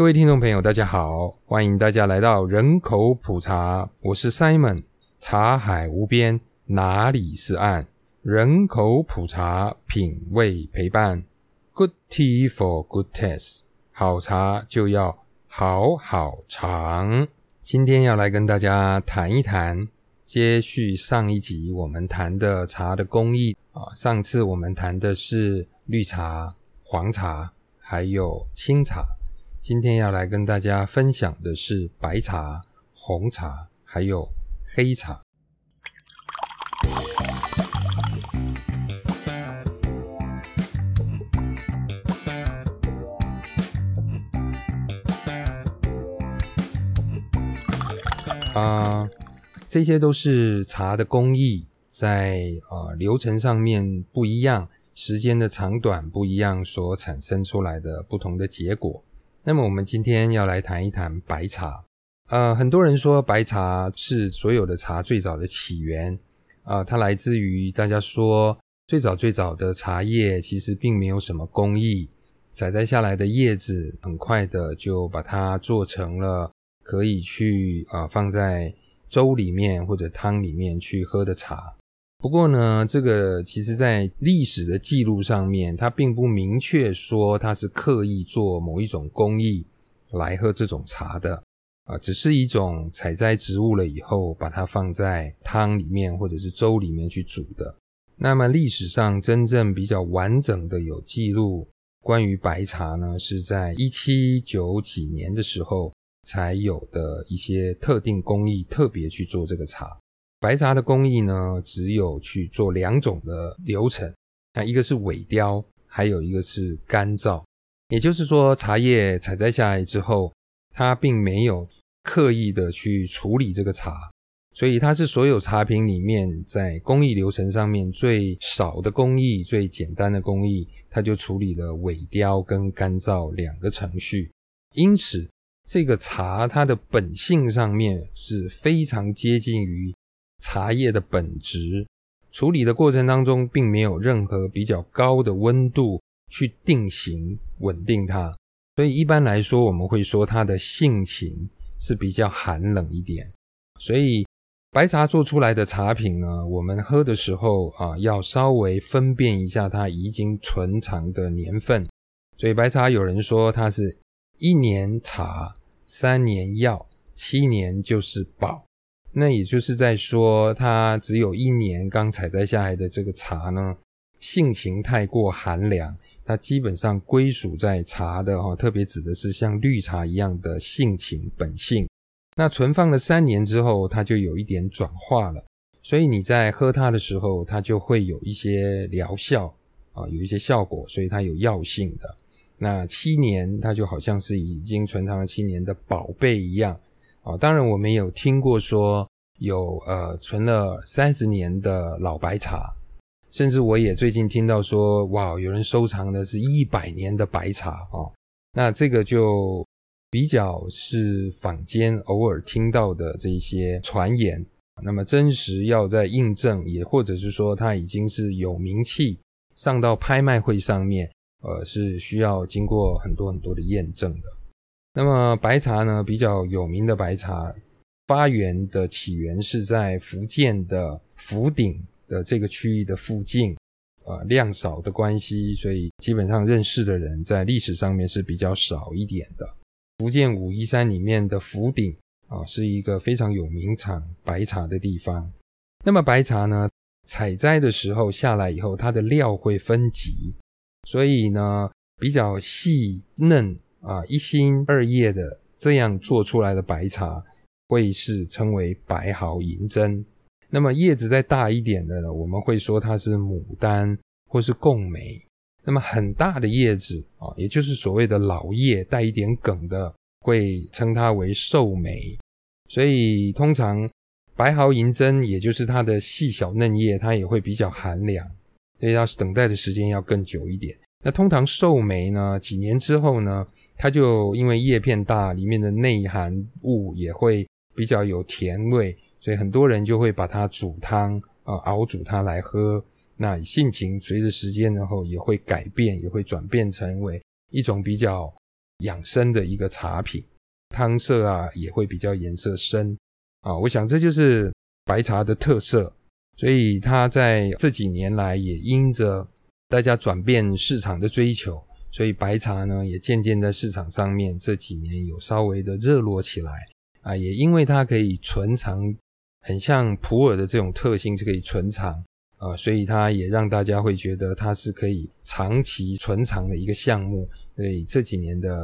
各位聽眾朋友，大家好！歡迎大家來到人口普茶，我是 Simon。茶海無邊，哪裡是岸？人口普茶，品味陪伴。Good tea for good taste，好茶就要好好嘗。今天要來跟大家談一談，接續上一集我們談的茶的工藝啊。上次我們談的是綠茶、黃茶，還有青茶。今天要來跟大家分享的是白茶、紅茶還有黑茶。啊、呃，這些都是茶的工藝在啊、呃、流程上面不一樣，時間的長短不一樣，所產生出來的不同的結果。那麼我們今天要來談一談白茶。呃，很多人說白茶是所有的茶最早的起源，啊、呃，它來自於大家說最早最早的茶葉，其實並沒有什麼工藝，採摘下來的葉子，很快的就把它做成了可以去啊、呃，放在粥裡面或者湯裡面去喝的茶。不過呢，這個其實在歷史的記錄上面，它並不明確說它是刻意做某一種工藝來喝這種茶的啊，只是一種採摘植物了以後，把它放在湯裡面或者是粥裡面去煮的。那麼歷史上真正比較完整的有記錄關於白茶呢，是在一七九幾年的時候才有的一些特定工藝，特別去做這個茶。白茶的工藝呢，只有去做兩種的流程，那一個是萎凋，還有一個是乾燥。也就是說，茶葉採摘下來之後，它並沒有刻意的去處理這個茶，所以它是所有茶品裡面在工藝流程上面最少的工藝、最簡單的工藝，它就處理了萎凋跟乾燥兩個程序。因此，這個茶它的本性上面是非常接近於。茶葉的本質，處理的過程當中，並沒有任何比較高的溫度去定型穩定它，所以一般來說，我們會說它的性情是比較寒冷一點。所以白茶做出來的茶品呢，我們喝的時候啊，要稍微分辨一下它已經存藏的年份。所以白茶有人說，它是一年茶，三年藥，七年就是寶。那也就是在說，它只有一年剛採摘下來的這個茶呢，性情太過寒涼，它基本上歸屬在茶的哈、哦，特別指的是像綠茶一樣的性情本性。那存放了三年之後，它就有一點轉化了，所以你在喝它的時候，它就會有一些療效啊，有一些效果，所以它有藥性的。那七年，它就好像是已經存藏了七年的寶貝一樣。啊、哦，當然，我們有聽過說有呃存了三十年的老白茶，甚至我也最近聽到說，哇，有人收藏的是一百年的白茶哦。那這個就比較是坊間偶爾聽到的這些傳言，那麼真實要在印證也，也或者是說它已經是有名氣，上到拍賣會上面，呃，是需要經過很多很多的驗證的。那麼白茶呢，比較有名的白茶，發源的起源是在福建的福鼎的這個區域的附近，啊，量少的關係，所以基本上認識的人在歷史上面是比較少一點的。福建武夷山裡面的福鼎啊，是一個非常有名產白茶的地方。那麼白茶呢，採摘的時候下來以後，它的料會分級，所以呢比較細嫩，啊，一心二葉的這樣做出來的白茶，會是稱為白毫銀針。那麼葉子再大一點的呢，我們會說它是牡丹或是貢眉。那麼很大的葉子啊，也就是所謂的老葉，帶一點梗的，會稱它為壽眉。所以通常白毫銀針，也就是它的細小嫩葉，它也會比較寒涼，所以要等待的時間要更久一點。那通常壽眉呢，幾年之後呢，它就因為葉片大，裡面的內含物也會比較有甜味，所以很多人就會把它煮湯，啊，熬煮它來喝。那性情隨着時間然後也會改變，也會轉變成為一種比較養生的一個茶品，湯色啊也會比較顏色深啊。我想這就是白茶的特色，所以它在這幾年來也因着大家轉變市場的追求。所以白茶呢，也漸漸在市場上面這幾年有稍微的熱絡起來啊，也因為它可以存藏，很像普洱的這種特性是可以存藏啊，所以它也讓大家會覺得它是可以長期存藏的一個項目，所以這幾年的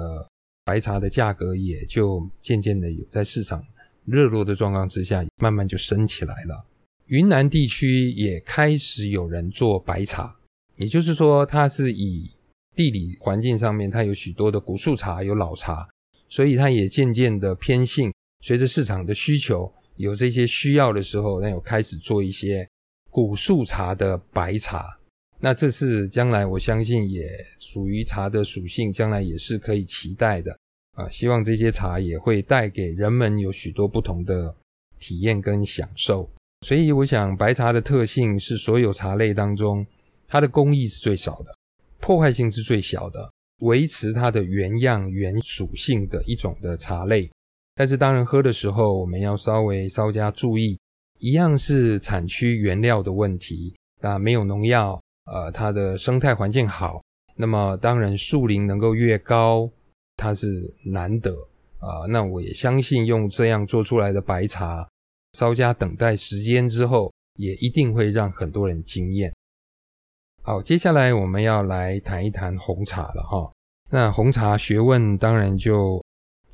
白茶的價格也就漸漸的有在市場熱絡的狀況之下，慢慢就升起來了。雲南地區也開始有人做白茶，也就是說它是以。地理環境上面，它有許多的古樹茶，有老茶，所以它也漸漸的偏性。隨着市場的需求，有這些需要的時候，那有開始做一些古樹茶的白茶。那這次將來我相信也屬於茶的屬性，將來也是可以期待的啊！希望這些茶也會帶給人們有許多不同的體驗跟享受。所以我想，白茶的特性是所有茶類當中，它的工藝是最少的。破壞性是最小的，維持它的原樣、原屬性的一種的茶類。但是當然喝的時候，我們要稍微稍加注意，一樣是產區原料的問題啊，沒有農藥，呃，它的生態環境好。那麼當然，樹齡能夠越高，它是難得啊、呃。那我也相信，用這樣做出來的白茶，稍加等待時間之後，也一定會讓很多人驚豔。好，接下來我們要來談一談紅茶了哈。那紅茶學問當然就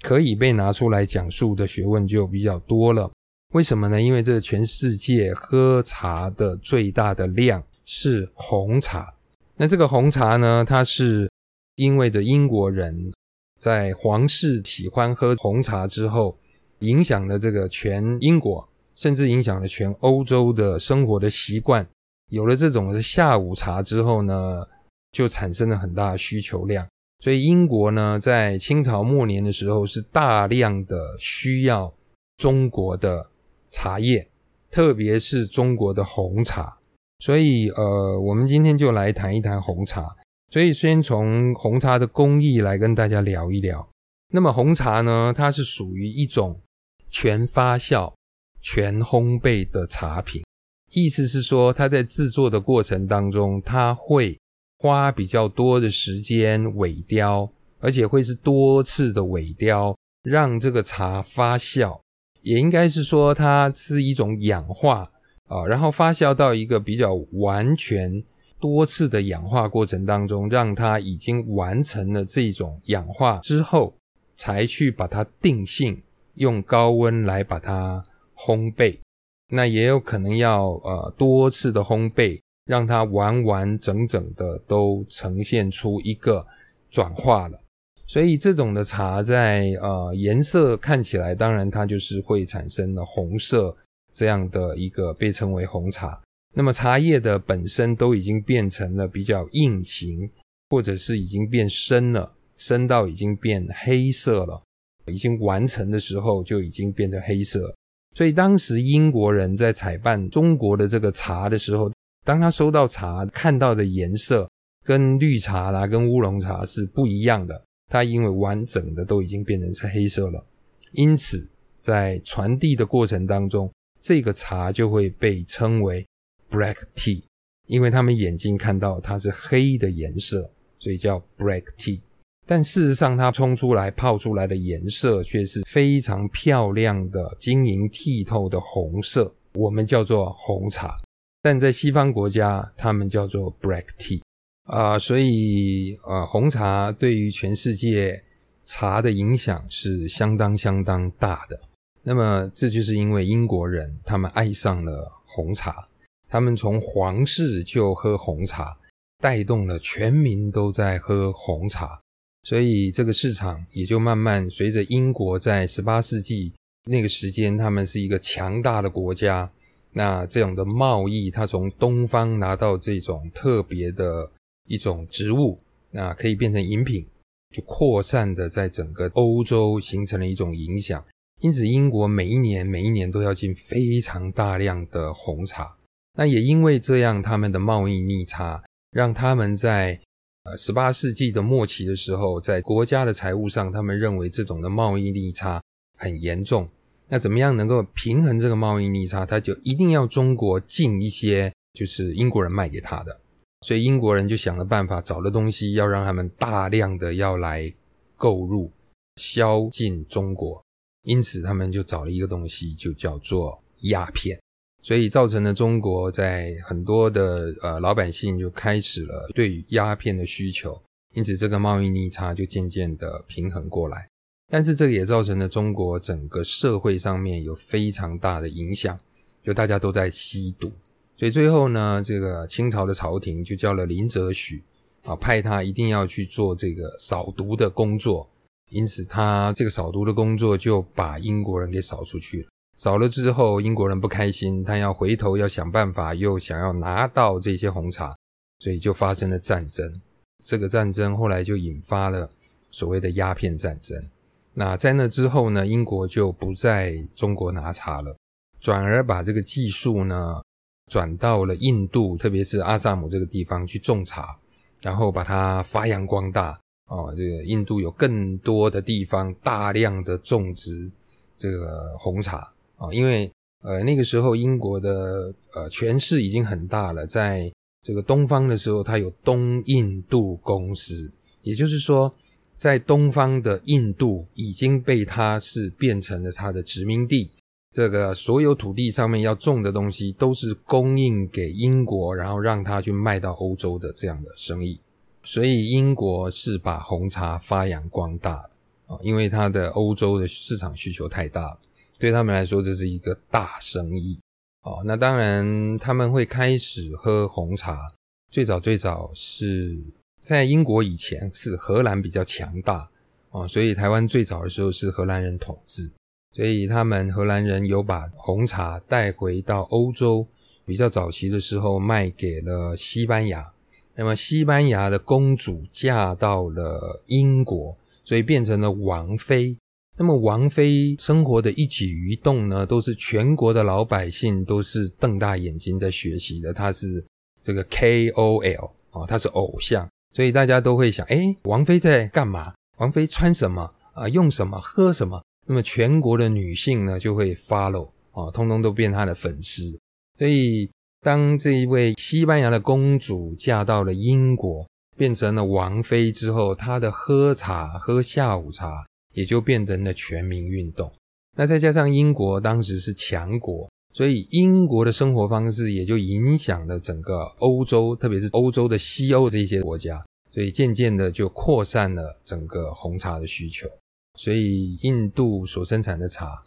可以被拿出來講述的學問就比較多了。為什麼呢？因為這個全世界喝茶的最大的量是紅茶。那這個紅茶呢，它是因為着英國人在皇室喜歡喝紅茶之後，影響了這個全英國，甚至影響了全歐洲的生活的習慣。有了這種下午茶之後呢，就產生了很大的需求量。所以英國呢，在清朝末年的時候是大量的需要中國的茶葉，特別是中國的紅茶。所以，呃，我們今天就來談一談紅茶。所以，先從紅茶的工藝來跟大家聊一聊。那麼，紅茶呢，它是屬於一種全發酵、全烘焙的茶品。意思是說，它在製作的過程當中，它會花比較多的時間萎凋，而且會是多次的萎凋，讓這個茶發酵，也應該是說，它是一種氧化啊，然後發酵到一個比較完全多次的氧化過程當中，讓它已經完成了這種氧化之後，才去把它定性，用高溫來把它烘焙。那也有可能要呃多次的烘焙，讓它完完整整的都呈現出一個轉化了。所以這種的茶在呃顏色看起來，當然它就是會產生了紅色這樣的一個被稱為紅茶。那麼茶葉的本身都已經變成了比較硬型，或者是已經變深了，深到已經變黑色了，已經完成的時候就已經變成黑色了。所以當時英國人在採辦中國的這個茶的時候，當他收到茶，看到的顏色跟綠茶啦、啊、跟烏龍茶是不一樣的。它因為完整的都已經變成是黑色了，因此在傳遞的過程當中，這個茶就會被稱為 black tea，因為他們眼睛看到它是黑的顏色，所以叫 black tea。但事實上，它衝出來泡出來的顏色卻是非常漂亮的、晶瑩剔透的紅色，我們叫做紅茶。但在西方國家，他們叫做 black tea。啊、呃，所以呃，紅茶對於全世界茶的影響是相當相當大的。那麼這就是因為英國人他們愛上了紅茶，他們從皇室就喝紅茶，帶動了全民都在喝紅茶。所以這個市場也就慢慢隨着英國在十八世紀那個時間，他們是一個強大的國家。那這種的貿易，它從東方拿到這種特別的一種植物，那可以變成飲品，就擴散的在整個歐洲形成了一種影響。因此，英國每一年每一年都要進非常大量的紅茶。那也因為這樣，他們的貿易逆差，讓他們在。呃，十八世紀的末期的時候，在國家的財務上，他們認為這種的貿易逆差很嚴重。那怎麼樣能夠平衡這個貿易逆差？他就一定要中國進一些，就是英國人賣給他的。所以英國人就想了辦法，找了東西要讓他們大量的要來購入，銷進中國。因此他們就找了一個東西，就叫做鴉片。所以造成了中國在很多的呃老百姓就開始了對於鴉片的需求，因此這個貿易逆差就漸漸的平衡過來。但是這個也造成了中國整個社會上面有非常大的影響，就大家都在吸毒。所以最後呢，這個清朝的朝廷就叫了林則徐啊，派他一定要去做這個掃毒的工作。因此他這個掃毒的工作就把英國人給掃出去了。少了之後，英國人不開心，他要回頭要想辦法，又想要拿到這些紅茶，所以就發生了戰爭。這個戰爭後來就引發了所謂的鴉片戰爭。那在那之後呢，英國就不在中國拿茶了，轉而把這個技術呢轉到了印度，特別是阿薩姆這個地方去種茶，然後把它發揚光大。哦，這個印度有更多的地方大量的種植這個紅茶。啊，因為呃那個時候英國的呃權勢已經很大了，在這個東方的時候，它有東印度公司，也就是說，在東方的印度已經被它是變成了它的殖民地，這個所有土地上面要種的東西都是供應給英國，然後讓它去賣到歐洲的這樣的生意，所以英國是把紅茶發揚光大的，啊，呃，因為它的歐洲的市場需求太大了。對他們來說，這是一個大生意哦。那當然，他們會開始喝紅茶。最早最早是在英國，以前是荷蘭比較強大哦，所以台灣最早的時候是荷蘭人統治，所以他們荷蘭人有把紅茶帶回到歐洲。比較早期的時候，賣給了西班牙。那麼西班牙的公主嫁到了英國，所以變成了王妃。那麼王妃生活的一舉一動呢，都是全國的老百姓都是瞪大眼睛在學習的。她是這個 KOL 哦，她是偶像，所以大家都會想：誒，王妃在幹嘛？王妃穿什麼啊？用什麼？喝什麼？那麼全國的女性呢，就會 follow 啊、哦，通通都變她的粉絲。所以當這一位西班牙的公主嫁到了英國，變成了王妃之後，她的喝茶、喝下午茶。也就變成了全民運動。那再加上英國當時是強國，所以英國的生活方式也就影響了整個歐洲，特別是歐洲的西歐這些國家。所以漸漸的就擴散了整個紅茶的需求。所以印度所生產的茶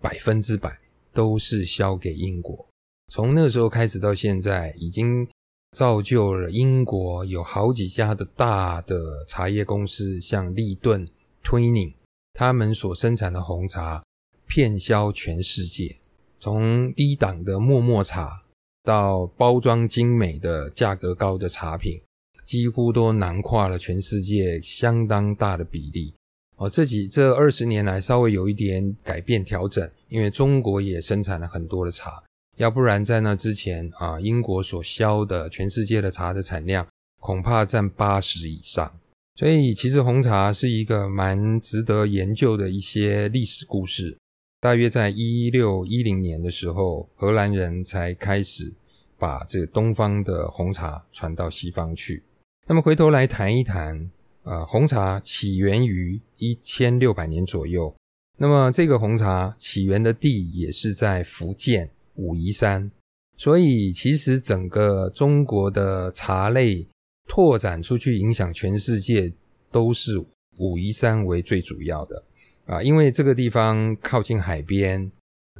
百分之百都是銷給英國。從那個時候開始到現在，已經造就了英國有好幾家的大的茶葉公司，像立頓、推寧他們所生產的紅茶遍銷全世界，從低檔的末末茶到包裝精美的價格高的茶品，幾乎都囊括了全世界相當大的比例。哦，這幾，這二十年來稍微有一點改變調整，因為中國也生產了很多的茶，要不然在那之前啊，英國所銷的全世界的茶的產量恐怕佔八十以上。所以其實紅茶是一個蠻值得研究的一些歷史故事。大約在一六一零年的時候，荷蘭人才開始把這個東方的紅茶傳到西方去。那麼回頭來談一談，呃，紅茶起源於一千六百年左右。那麼這個紅茶起源的地也是在福建武夷山。所以其實整個中國的茶類。拓展出去影響全世界，都是武夷山為最主要的啊，因為這個地方靠近海邊，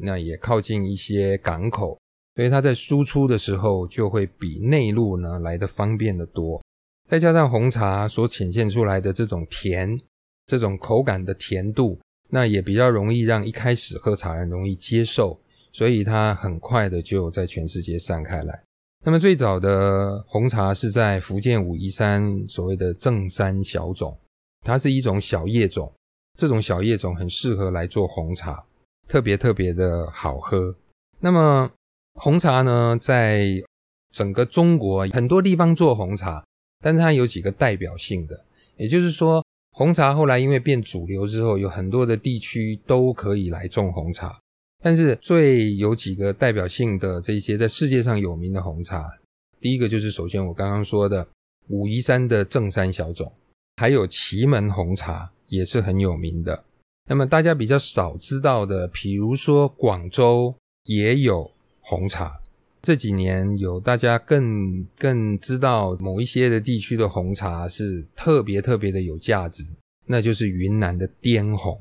那也靠近一些港口，所以它在輸出的時候就會比內陸呢來得方便得多。再加上紅茶所顯現出來的這種甜，這種口感的甜度，那也比較容易讓一開始喝茶人容易接受，所以它很快的就在全世界散開來。那麼最早的紅茶是在福建武夷山，所謂的正山小種，它是一種小葉種，這種小葉種很適合來做紅茶，特別特別的好喝。那麼紅茶呢，在整個中國啊，很多地方做紅茶，但是它有幾個代表性的，也就是說紅茶後來因為變主流之後，有很多的地區都可以來種紅茶。但是最有幾個代表性的這些，在世界上有名的紅茶，第一個就是首先我剛剛說的武夷山的正山小種，還有祁門紅茶也是很有名的。那麼大家比較少知道的，比如說廣州也有紅茶，這幾年有大家更更知道某一些的地區的紅茶是特別特別的有價值，那就是雲南的滇紅，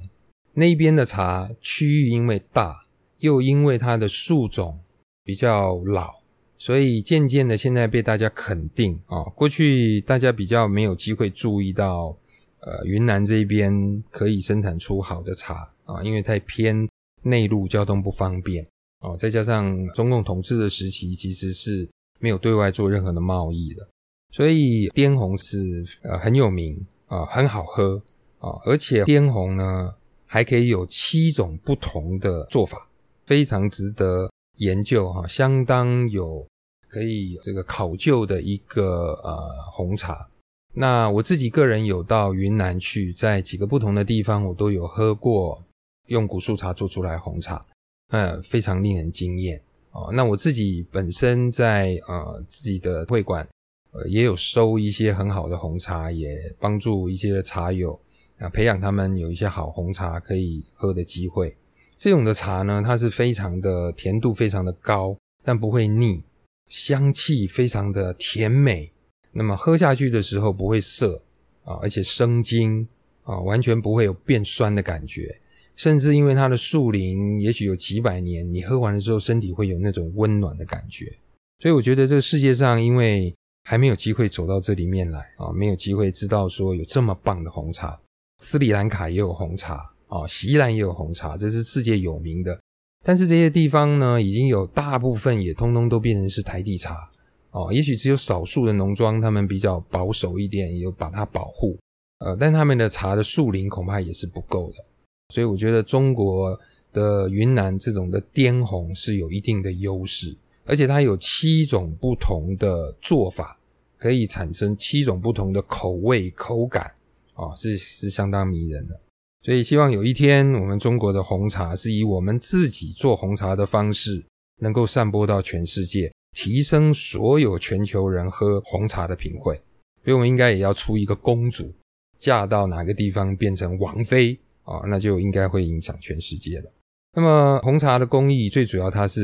那邊的茶區域因為大，又因為它的樹種比較老，所以漸漸的現在被大家肯定啊、哦。過去大家比較沒有機會注意到，呃，雲南這邊可以生產出好的茶啊、哦，因為太偏內陸，交通不方便哦。再加上、呃、中共統治的時期，其實是沒有對外做任何的貿易的，所以滇紅是呃很有名啊、呃，很好喝啊、哦，而且滇紅呢還可以有七種不同的做法。非常值得研究哈，相當有可以這個考究的一個呃紅茶。那我自己個人有到雲南去，在幾個不同的地方，我都有喝過用古樹茶做出來紅茶，呃，非常令人驚艷哦、呃。那我自己本身在呃自己的會館，呃，也有收一些很好的紅茶，也幫助一些的茶友啊、呃，培養他們有一些好紅茶可以喝的機會。這種的茶呢，它是非常的甜度非常的高，但不會膩，香氣非常的甜美。那麼喝下去的時候不會澀啊，而且生津啊，完全不會有變酸的感覺。甚至因為它的樹齡也許有幾百年，你喝完了之後身體會有那種溫暖的感覺。所以我覺得這個世界上，因為還沒有機會走到這裡面來啊，沒有機會知道說有這麼棒的紅茶。斯里蘭卡也有紅茶。啊，錫蘭，哦，也有紅茶，這是世界有名的。但是這些地方呢，已經有大部分也通通都變成是臺地茶。哦，也許只有少數的農莊，他們比較保守一點，也有把它保護。呃，但他們的茶的樹齡恐怕也是不夠的。所以我覺得中國的雲南這種的滇紅是有一定的優勢，而且它有七種不同的做法，可以產生七種不同的口味口感。啊，哦，是是相當迷人的。所以，希望有一天，我們中國的紅茶是以我們自己做紅茶的方式，能夠散播到全世界，提升所有全球人喝紅茶的品味。所以我們應該也要出一個公主，嫁到哪個地方變成王妃啊、哦，那就應該會影響全世界了。那麼，紅茶的工藝最主要，它是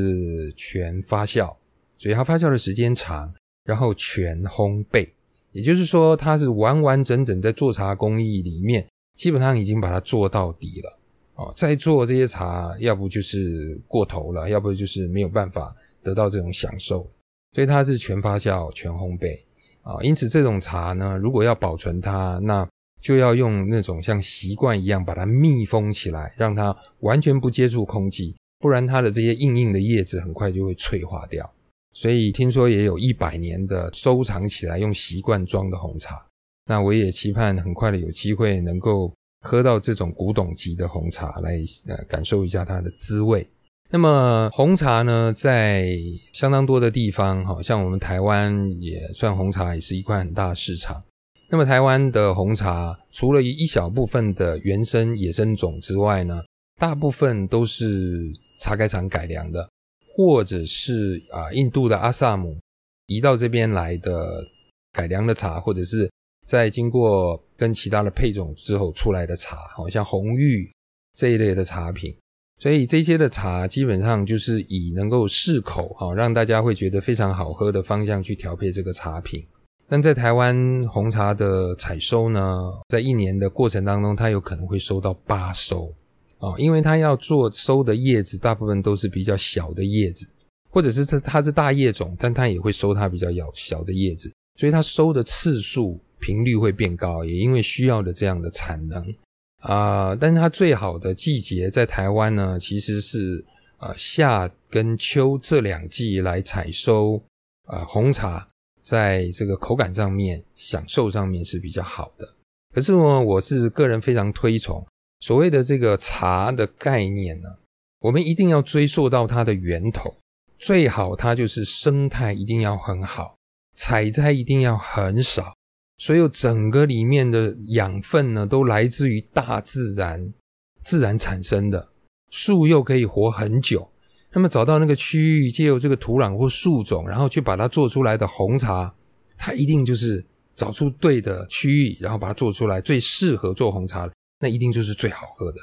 全發酵，所以它發酵的時間長，然後全烘焙，也就是說，它是完完整整在做茶工藝裡面。基本上已經把它做到底了啊！再、哦、做這些茶，要不就是過頭了，要不就是沒有辦法得到這種享受。所以它是全發酵、全烘焙啊、哦，因此這種茶呢，如果要保存它，那就要用那種像錫罐一樣把它密封起來，讓它完全不接觸空氣，不然它的這些硬硬的葉子很快就會脆化掉。所以聽說也有一百年的收藏起來用錫罐裝的紅茶。那我也期盼很快的有機會能夠喝到這種古董級的紅茶，來呃感受一下它的滋味。那麼紅茶呢，在相當多的地方，哈，像我們台灣也算紅茶也是一塊很大市場。那麼台灣的紅茶，除了一小部分的原生野生種之外呢，大部分都是茶改場改良的，或者是啊印度的阿薩姆移到這邊來的改良的茶，或者是。在經過跟其他的配種之後出來的茶，好像紅玉這一類的茶品，所以這些的茶基本上就是以能夠適口哈，讓大家會覺得非常好喝的方向去調配這個茶品。但在台灣紅茶的採收呢，在一年的過程當中，它有可能會收到八收啊，因為它要做收的葉子，大部分都是比較小的葉子，或者是它是大葉種，但它也會收它比較要小的葉子，所以它收的次數，頻率會變高，也因為需要的這樣的產能啊、呃。但是它最好的季節在台灣呢，其實是呃夏跟秋這兩季來採收啊、呃、紅茶，在這個口感上面、享受上面是比較好的。可是呢，我是個人非常推崇所謂的這個茶的概念呢，我們一定要追溯到它的源頭，最好它就是生態一定要很好，採摘一定要很少。所有整個裡面的養分呢，都來自於大自然、自然產生的，樹又可以活很久。那麼找到那個區域，借由這個土壤或樹種，然後去把它做出來的紅茶，它一定就是找出對的區域，然後把它做出來最適合做紅茶的，那一定就是最好喝的。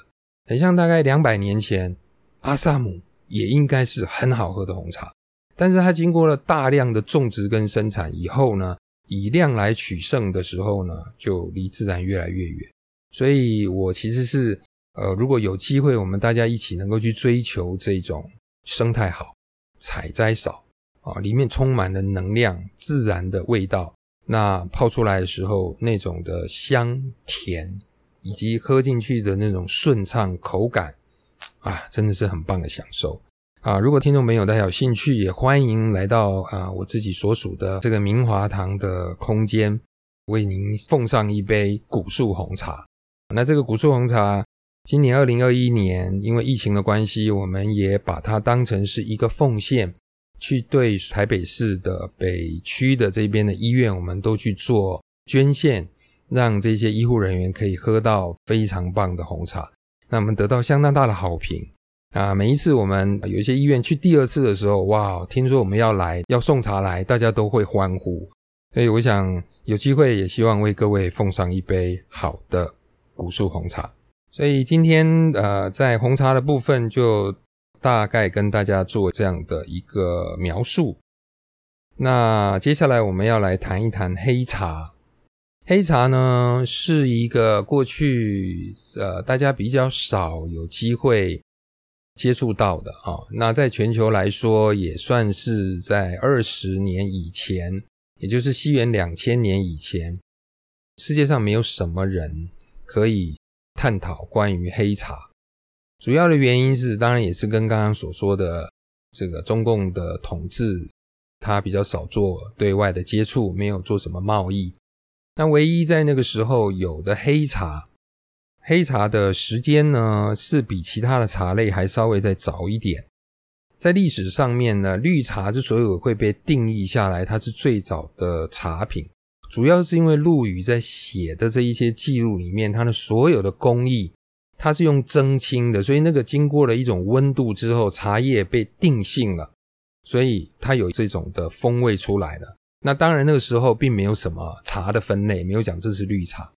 很像大概兩百年前，阿薩姆也應該是很好喝的紅茶，但是它經過了大量的種植跟生產以後呢，以量來取勝的時候呢，就離自然越來越遠。所以我其實是，呃，如果有機會，我們大家一起能夠去追求這種生態好、採摘少啊，裡面充滿了能量、自然的味道，那泡出來的時候那種的香甜，以及喝進去的那種順暢口感，啊，真的是很棒的享受。啊，如果聽眾朋友大家有興趣，也歡迎來到啊我自己所屬的這個茗華堂的空間，為您奉上一杯古樹紅茶。那這個古樹紅茶，今年二零二一年，因為疫情的關係，我們也把它當成是一個奉獻，去對台北市的北區的這邊的醫院，我們都去做捐獻，讓這些醫護人員可以喝到非常棒的紅茶。那我們得到相當大的好評。啊，每一次我們有一些醫院去第二次的時候，哇，聽說我們要來，要送茶來，大家都會歡呼。所以我想有機會也希望為各位奉上一杯好的古樹紅茶。所以今天呃，在紅茶的部分就大概跟大家做這樣的一個描述。那接下來我們要來談一談黑茶。黑茶呢是一個過去呃大家比較少有機會。接觸到的啊，那在全球來說也算是在二十年以前，也就是西元兩千年以前，世界上沒有什麼人可以探討關於黑茶。主要的原因是，當然也是跟剛剛所說的這個中共的統治，他比較少做對外的接觸，沒有做什麼貿易。那唯一在那個時候有的黑茶，黑茶的時間呢，是比其他的茶類還稍微再早一點。在歷史上面呢，綠茶之所以會被定義下來，它是最早的茶品，主要是因為陸羽在寫的這一些記錄裡面，它的所有的工藝，它是用蒸青的，所以那個經過了一種溫度之後，茶葉被定性了，所以它有這種的風味出來了。那當然那個時候並沒有什麼茶的分類，沒有講這是綠茶，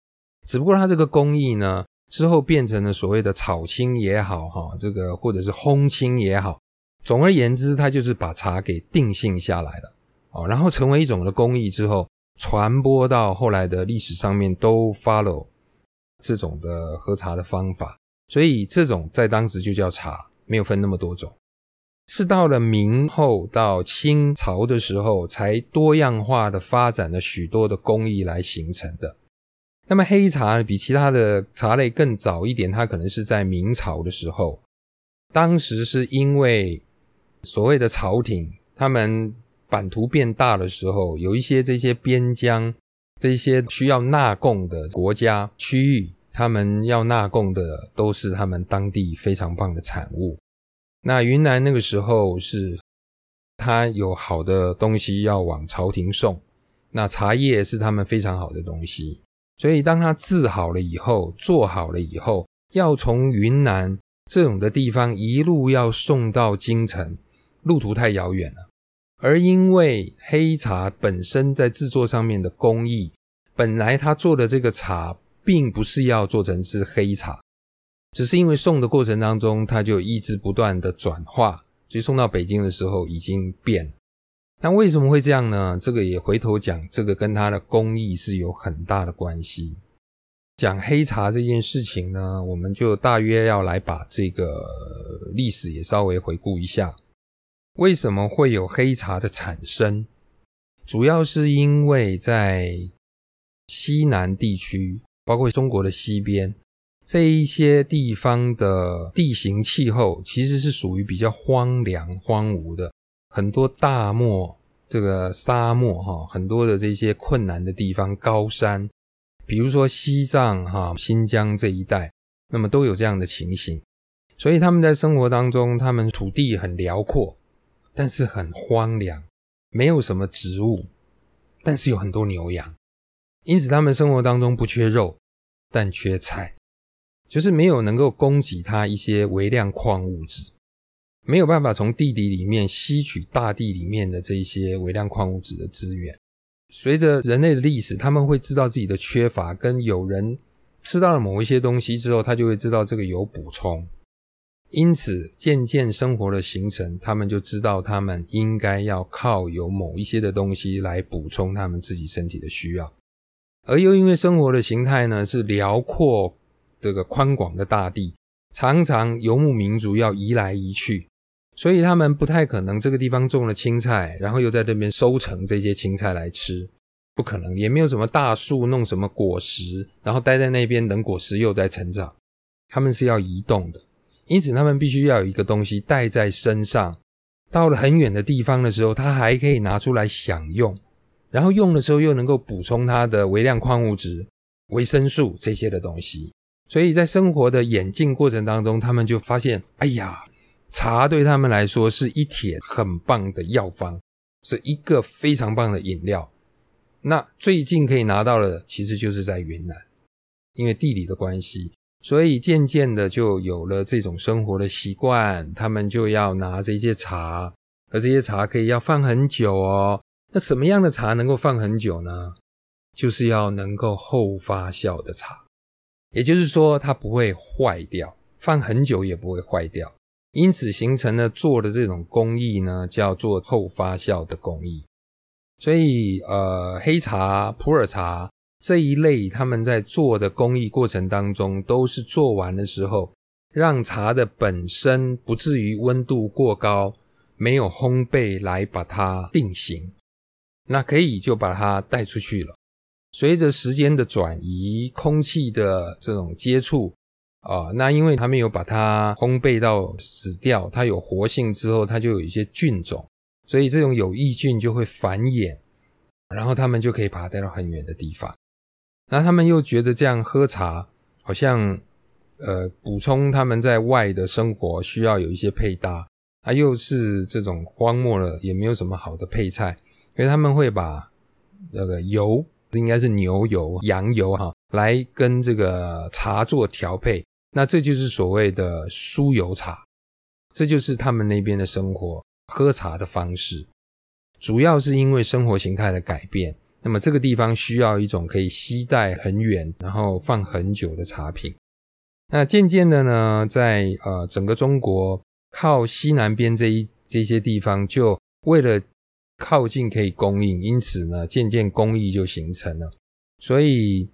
只不過它這個工藝呢。之後變成了所謂的炒青也好，哈，這個或者是烘青也好，總而言之，它就是把茶給定性下來了，哦，然後成為一種的工藝之後，傳播到後來的歷史上面都 follow 這種的喝茶的方法，所以這種在當時就叫茶，沒有分那麼多種，是到了明後到清朝的時候才多樣化的發展了許多的工藝來形成的。那麼黑茶比其他的茶類更早一點，它可能是在明朝的時候。當時是因為所謂的朝廷，他們版圖變大的時候，有一些這些邊疆、這些需要納貢的國家區域，他們要納貢的都是他們當地非常棒的產物。那雲南那個時候是，他有好的東西要往朝廷送，那茶葉是他們非常好的東西。所以，當他製好了以後，做好了以後，要從雲南這種的地方一路要送到京城，路途太遙遠了。而因為黑茶本身在制作上面的工藝，本來他做的這個茶並不是要做成是黑茶，只是因為送的過程當中，它就一直不斷的轉化，所以送到北京的時候已經變了。那為什麼會這樣呢？這個也回頭講，這個跟它的工藝是有很大的關係。講黑茶這件事情呢，我們就大約要來把這個歷史也稍微回顧一下。為什麼會有黑茶的產生？主要是因為在西南地區，包括中國的西邊，這一些地方的地形氣候，其實是屬於比較荒涼、荒蕪的。很多大漠，這個沙漠哈，很多的這些困難的地方，高山，比如說西藏哈、新疆這一帶，那麼都有這樣的情形。所以他們在生活當中，他們土地很遼闊，但是很荒涼，沒有什麼植物，但是有很多牛羊，因此他們生活當中不缺肉，但缺菜，就是沒有能夠供給他一些微量礦物質。沒有辦法從地底裡面吸取大地裡面的這些微量礦物質的資源。隨着人類的歷史，他們會知道自己的缺乏，跟有人吃到了某一些東西之後，他就會知道這個有補充。因此，漸漸生活的形成，他們就知道他們應該要靠有某一些的東西來補充他們自己身體的需要。而又因為生活的形態呢，是遼闊這個寬廣的大地，常常游牧民族要移來移去。所以他們不太可能這個地方種了青菜，然後又在那邊收成這些青菜來吃，不可能，也沒有什麼大樹弄什麼果實，然後待在那邊等果實又在成長。他們是要移動的，因此他們必須要有一個東西帶在身上，到了很遠的地方的時候，他還可以拿出來享用，然後用的時候又能夠補充它的微量礦物質、維生素這些的東西。所以在生活的演進過程當中，他們就發現，哎呀。茶對他們來說是一帖很棒的藥方，是一個非常棒的飲料。那最近可以拿到的，其實就是在雲南，因為地理的關係，所以漸漸的就有了這種生活的習慣。他們就要拿這些茶，而這些茶可以要放很久哦。那什麼樣的茶能夠放很久呢？就是要能夠後發酵的茶，也就是說它不會壞掉，放很久也不會壞掉。因此形成了做的這種工藝呢，叫做後發酵的工藝。所以，呃，黑茶、普洱茶這一類，他們在做的工藝過程當中，都是做完的時候，讓茶的本身不至於溫度過高，沒有烘焙來把它定型，那可以就把它帶出去了。隨着時間的轉移，空氣的這種接觸。啊、哦，那因為他們有把它烘焙到死掉，它有活性之後，它就有一些菌種，所以這種有益菌就會繁衍，然後他們就可以把它帶到很遠的地方。那他們又覺得這樣喝茶好像，呃，補充他們在外的生活需要有一些配搭，它、啊、又是這種荒漠了，也沒有什麼好的配菜，所以他們會把那個油，這應該是牛油、羊油哈、哦，來跟這個茶做調配。那這就是所謂的酥油茶，這就是他們那邊的生活喝茶的方式。主要是因為生活形態的改變，那麼這個地方需要一種可以攜帶很遠，然後放很久的茶品。那漸漸的呢，在呃整個中國靠西南邊這一這些地方，就為了靠近可以供應，因此呢，漸漸工藝就形成了。所以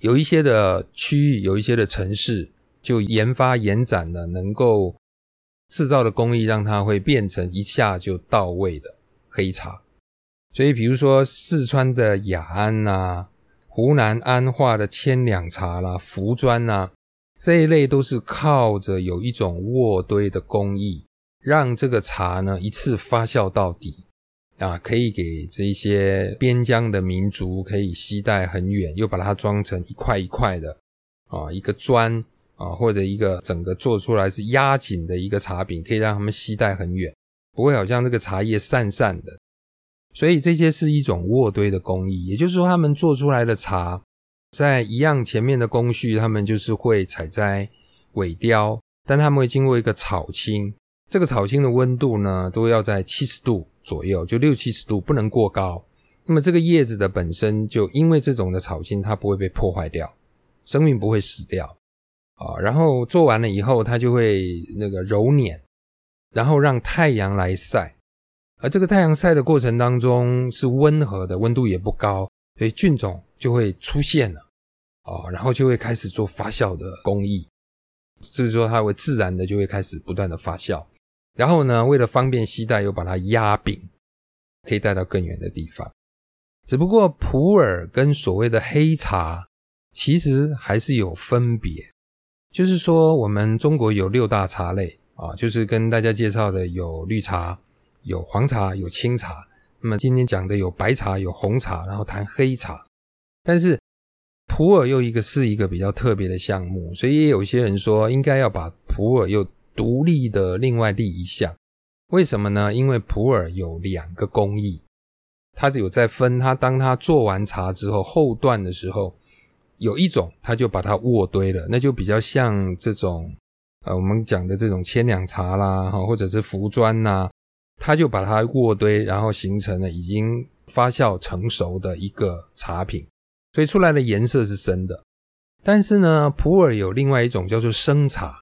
有一些的區域，有一些的城市。就研發延展的能夠製造的工藝，讓它會變成一下就到位的黑茶。所以，比如說四川的雅安吶，湖南安化的千兩茶啦，茯磚吶，這一類都是靠着有一種渥堆的工藝，讓這個茶呢一次發酵到底啊，可以給這些邊疆的民族可以攜帶很遠，又把它裝成一塊一塊的啊，一個磚。啊，或者一個整個做出來是壓緊的一個茶餅，可以讓他們攜帶很遠，不會好像這個茶葉散散的。所以這些是一種渥堆的工藝，也就是說他們做出來的茶，在一樣前面的工序，他們就是會採摘萎凋，但他們會經過一個炒青。這個炒青的溫度呢，都要在七十度左右，就六七十度，不能過高。那麼這個葉子的本身就因為這種的炒青，它不會被破壞掉，生命不會死掉。啊、哦，然後做完了以後，它就會那個揉捻，然後讓太陽來曬，而這個太陽曬的過程當中是溫和的，溫度也不高，所以菌種就會出現了，哦，然後就會開始做發酵的工藝，所以說它會自然的就會開始不斷的發酵，然後呢，為了方便攜帶，又把它壓餅，可以帶到更遠的地方。只不過普洱跟所謂的黑茶其實還是有分別。就是說，我們中國有六大茶類啊，就是跟大家介紹的有綠茶、有黃茶、有青茶。那麼今天講的有白茶、有紅茶，然後談黑茶。但是普洱又一個是一個比較特別的項目，所以也有些人說應該要把普洱又獨立的另外立一項。為什麼呢？因為普洱有兩個工藝，它只有在分它，他當它做完茶之後後段的時候。有一種，他就把它渥堆了，那就比較像這種，呃，我們講的這種千兩茶啦，哈，或者是茯磚吶，他就把它渥堆，然後形成了已經發酵成熟的一個茶品，所以出來的顏色是深的。但是呢，普洱有另外一種叫做生茶，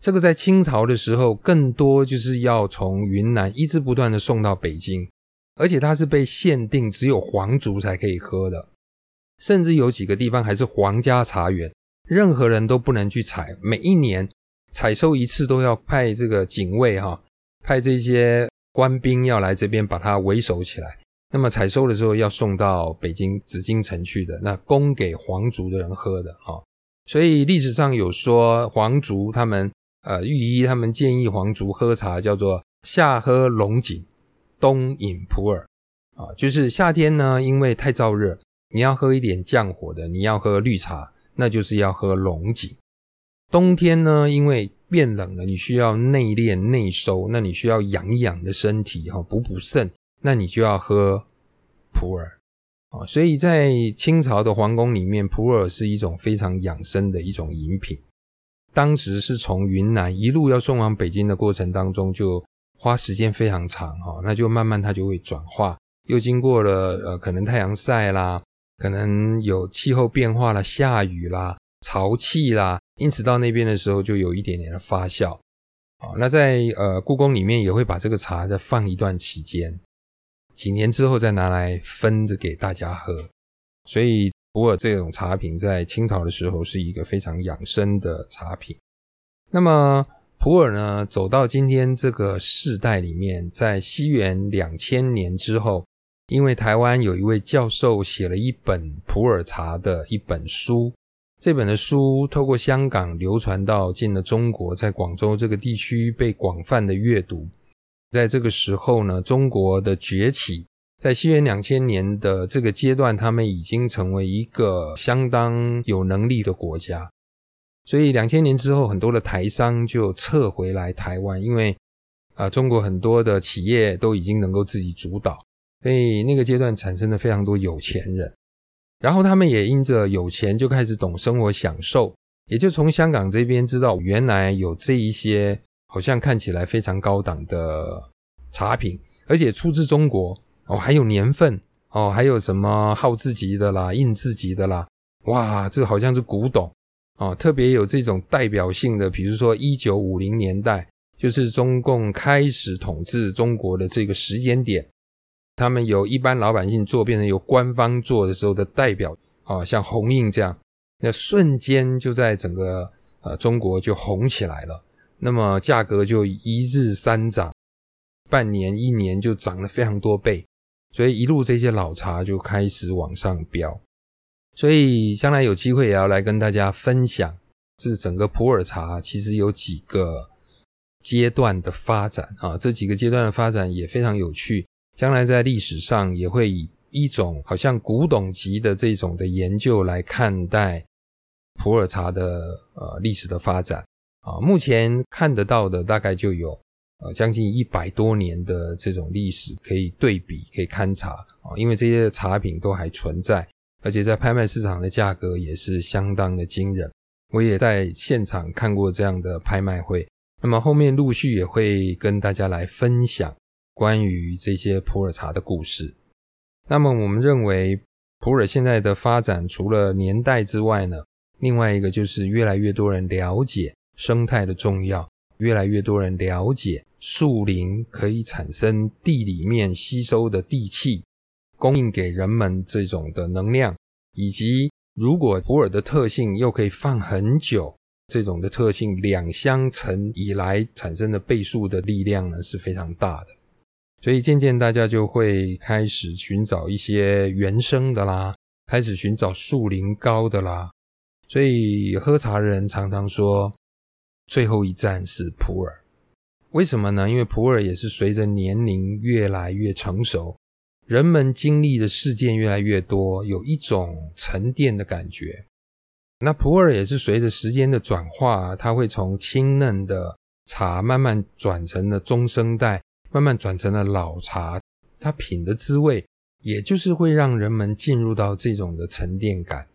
這個在清朝的時候，更多就是要從雲南一直不斷的送到北京，而且它是被限定只有皇族才可以喝的。甚至有幾個地方還是皇家茶園，任何人都不能去採。每一年採收一次，都要派這個警衛哈，派這些官兵要來這邊把它圍守起來。那麼採收的時候要送到北京紫禁城去的，那供給皇族的人喝的哈，所以歷史上有說皇族他們呃御醫他們建議皇族喝茶叫做夏喝龍井，冬飲普洱啊，就是夏天呢，因為太燥熱。你要喝一點降火的，你要喝綠茶，那就是要喝龍井。冬天呢，因為變冷了，你需要內斂內收，那你需要養一養的身體哈，補補腎，那你就要喝普洱。所以在清朝的皇宮裡面，普洱是一種非常養生的一種飲品。當時是從雲南一路要送往北京的過程當中，就花時間非常長哈，那就慢慢它就會轉化，又經過了呃，可能太陽曬啦。可能有氣候變化了，下雨啦，潮氣啦，因此到那邊的時候就有一點點的發酵。啊，那在呃故宮裡面也會把這個茶再放一段期間，幾年之後再拿來分着給大家喝。所以普洱這種茶品在清朝的時候是一個非常養生的茶品。那麼普洱呢，走到今天這個世代裡面，在西元兩千年之後，因為台灣有一位教授寫了一本普洱茶的一本書，這本的書透過香港流傳到進了中國，在廣州這個地區被廣泛的閱讀。在這個時候呢，中國的崛起，在西元兩千年的這個階段，他們已經成為一個相當有能力的國家。所以兩千年之後，很多的台商就撤回來台灣，因為啊，中國很多的企業都已經能夠自己主導。所以那個階段產生了非常多有錢人，然後他們也因着有錢就開始懂生活享受，也就從香港這邊知道原來有這一些好像看起來非常高檔的茶品，而且出自中國哦，還有年份哦，還有什麼號字級的啦、印字級的啦，哇，這好像是古董哦，特別有這種代表性的，比如說一九五零年代，就是中共開始統治中國的這個時間點。他們由一般老百姓做變成由官方做的時候的代表啊，像紅印這樣，那瞬間就在整個呃中國就紅起來了，那麼價格就一日三漲，半年一年就漲了非常多倍，所以一路這些老茶就開始往上飆，所以將來有機會也要來跟大家分享，這整個普洱茶其實有幾個階段的發展啊，這幾個階段的發展也非常有趣。將來在歷史上也會以一種好像古董級的這種的研究來看待普洱茶的呃歷史的發展啊，目前看得到的大概就有呃將近一百多年的這種歷史可以對比、可以勘察啊，因為這些茶品都還存在，而且在拍賣市場的價格也是相當的驚人。我也在現場看過這樣的拍賣會，那麼後面陸續也會跟大家來分享。關於這些普洱茶的故事，那麼我們認為普洱現在的發展，除了年代之外呢，另外一個就是越來越多人了解生態的重要，越來越多人了解樹林可以產生地裡面吸收的地氣，供應給人們這種的能量，以及如果普洱的特性又可以放很久，這種的特性兩相乘以來產生的倍數的力量呢，是非常大的。所以漸漸大家就會開始尋找一些原生的啦，開始尋找樹齡高的啦。所以喝茶的人常常說，最後一站是普洱，為什麼呢？因為普洱也是隨着年齡越來越成熟，人們經歷的事件越來越多，有一種沉澱的感覺。那普洱也是隨着時間的轉化，它會從清嫩的茶慢慢轉成了中生代。慢慢轉成了老茶，它品的滋味，也就是會讓人們進入到這種的沉澱感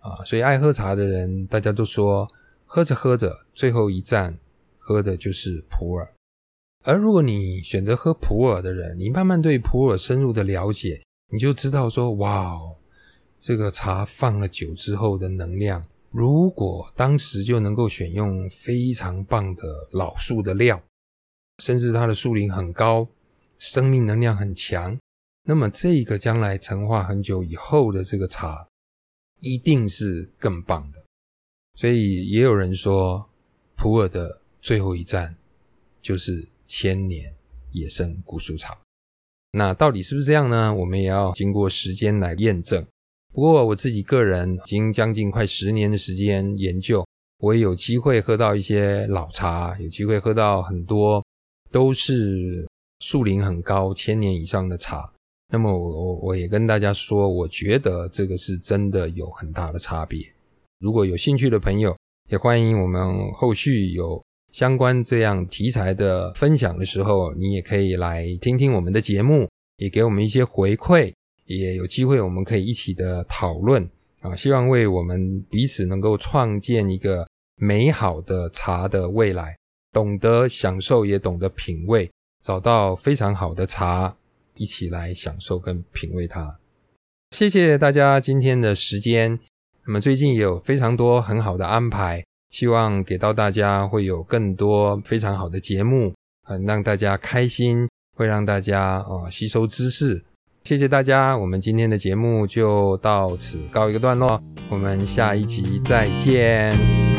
啊。所以愛喝茶的人，大家都說喝着喝着，最後一站喝的就是普洱。而如果你選擇喝普洱的人，你慢慢對普洱深入的了解，你就知道說，哇，這個茶放了久之後的能量，如果當時就能夠選用非常棒的老樹的料。甚至它的樹齡很高，生命能量很強，那麼這個將來陳化很久以後的這個茶，一定是更棒的。所以也有人說，普洱的最後一站就是千年野生古樹茶。那到底是不是這樣呢？我們也要經過時間來驗證。不過我自己個人已經將近快十年的時間研究，我也有機會喝到一些老茶，有機會喝到很多。都是樹齡很高，千年以上的茶。那麼我，我我我也跟大家說，我覺得這個是真的有很大的差別。如果有興趣的朋友，也歡迎我們後續有相關這樣題材的分享的時候，你也可以來聽聽我們的節目，也給我們一些回饋，也有機會我們可以一起的討論啊。希望為我們彼此能夠創建一個美好的茶的未來。懂得享受，也懂得品味，找到非常好的茶，一起來享受跟品味它。謝謝大家今天的時間。那麼最近也有非常多很好的安排，希望給到大家會有更多非常好的節目，很讓大家開心，會讓大家啊、呃、吸收知識。謝謝大家，我們今天的節目就到此告一個段落，我們下一集再見。